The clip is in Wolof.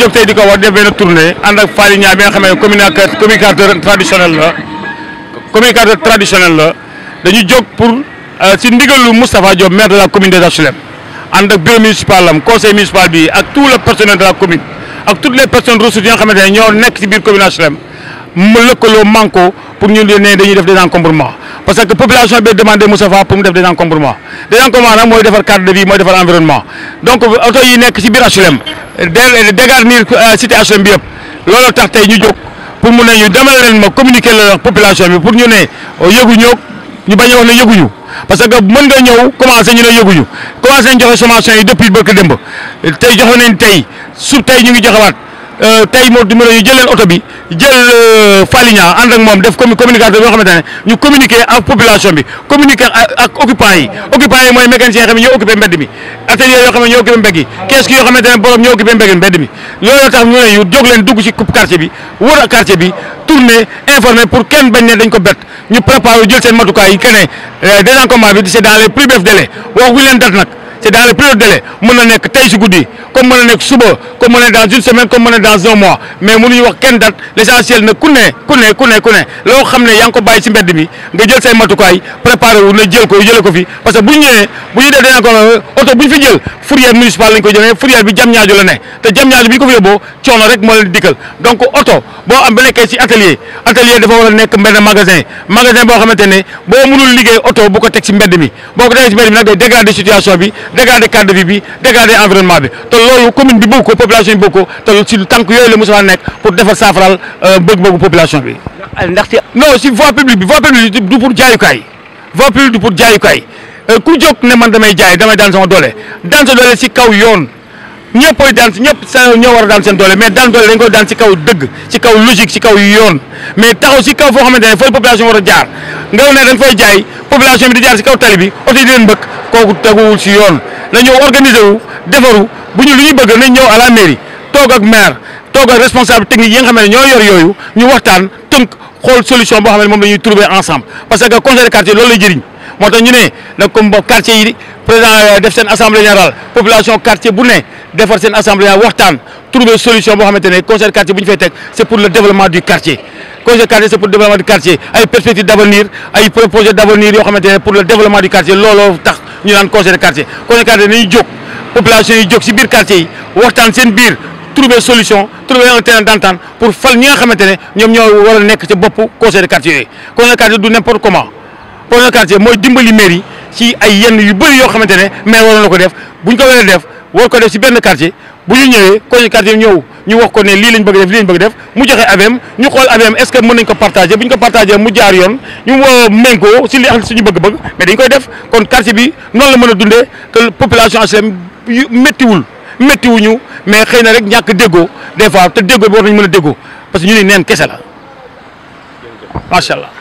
jóg tey di ko war def benn tournée ànd ak Faly Niang bi nga xam communicateur communicateur la communicateur traditionnel dañu jóg pour euh, si ndigalu Moustapha Diop maire de la commune des HLM ànd ak bureau municipal am conseil municipal bi ak tout le personnel de la commune ak toutes les personnes ressources yi nga ne ñoo nekk ci biir commune HLM mu lëkkaloo manko pour ñu ne dañuy def des encombrements parce que la population a demandé savoir pour nous faire des encombrements des encombrements moi, faire carte de vie environnement donc auto yi nekk ci si dégarnir euh, cité HLM vous tax pour mu ñu communiquer la population pour nous ne oh, yëgu ñoo ñu de parce que mën nga ñëw commencé ñu ne yëguñu commencé joxe sommation depuis le démb de joxe nañ faire des ñu Euh, tey moo numéro ñu jël leen oto bi jël euh, Faligna ànd ak moom def communicateur yoo xamante ne ñu communiquer ak population bi communiquer ak occupants yi occupants yi mooy mécanicien yoo xam ne ñoo occupé mbedd mi atelier yoo xam ne ñoo occupé mbedd yi kees yoo xamante ne borom ñoo occupé mbedd mi loolu tax ñu ne ñu jóg leen dugg ci quartier bi wër ak quartier bi tourner informer pour kenn bañ ne dañ ko bett ñu préparé jël seen matukaay yi que ne euh, désencombrement bi c'est dans les plus c'est dans le plus hauts délai mon na que tey si guddi comme mon na que suba comme mon na dans une semaine comme mon na dans un mois mais mon wax kenn date l'essentiel ne connaît connaît connaît connaît ku ne loo xam ne yaa ngi ko bàyyi si mbedd mi nga jël say matukaay préparé wu na jël ko ko fi parce que bu ñu ñëwee bu ñu def ko fi jël fourrière municipale lañ ko jëlee fourrière bi jam ñaajo la ne te jam ñaajo bi ko fi yóbboo coono rek moo leen dikkal donc oto boo am ba nekkee ci atelier atelier dafa war a nekk mbenn magasin magasin boo xamante ne boo mënul liggéey oto bu ko teg ci mbedd mi boo ko tegee ci mbedd mi nag day dégrader situation bi dégrader cadre de vie bi dégrader environnement bi te loolu commune bi bëgg ko population bi bëgg ko te ci tànk yooyu la Moussa nekk pour defar saafaral euh, bëgg-bëggu bi. ndax non si voie publique bi voie publique du pour jaayukaay Euh, ku jóg ne man damay jaay damay daan sama doole daan sa doole si kaw yoon ñëppooy daan ñëpp sa ñoo war a daan seen doole mais daan doole dañ ko daan si kaw dëgg si kaw logique si kaw yoon mais taxaw si kaw foo xamante ne fooy population war a jaar nga ne dañ fay jaay population bi di jaar si kaw tali bi oto yi di leen mbëkk kooku teguwul si yoon nañoo organiser wu defaru bu ñu lu ñu bëgg nañ ñëw à la mairie toog ak maire toog ak responsable technique yi nga xam ne ñoo yor yooyu ñu waxtaan tënk xool solution boo xam ne moom la ñuy trouver ensemble parce que conseil de quartier loolu lay jëriñ moo ñu né nag comme quartier yi président euh, def sen assemblée générale population quartier bu né defar sen assemblée générale trouver solution bo xamantene conseil quartier c'est fay c'est pour le développement du quartier conseil quartier c'est pour le développement du quartier ay perspectives d'avenir ay projet d'avenir yo xamantene pour le développement du quartier lolo tax ñu naan conseil quartier conseil quartier nañu jox population yi jox si biir quartier yi waxtaan seen biir trouver solution trouver un terrain d'entente pour fal ñi nga xamante ne ñoo wara nek ci bopp conseil de quartier conseil de quartier du n'importe comment projet quartier mooy dimbali maire yi ci ay yenn yu bëri yoo xamante ne maire waroon na ko def buñ ko waree def war ko def si benn quartier bu ñu ñëwee projet quartier ñëw ñu wax ko ne lii lañ bëgg def lii lañ bëgg def mu joxe ABM ñu xool ABM est-ce que mën nañ ko partager bu ñu ko partager mu jaar yoon ñu méngoo ci li ak suñu bëgg-bëgg mais dañ koy def kon quartier bi noonu la mën a dundee que population HLM méttiwul méttiwuñu mais xëy na rek ñàkk déggoo des fois te déggoo bi war mën a déggoo parce que ñu ne neen kese la macha allah.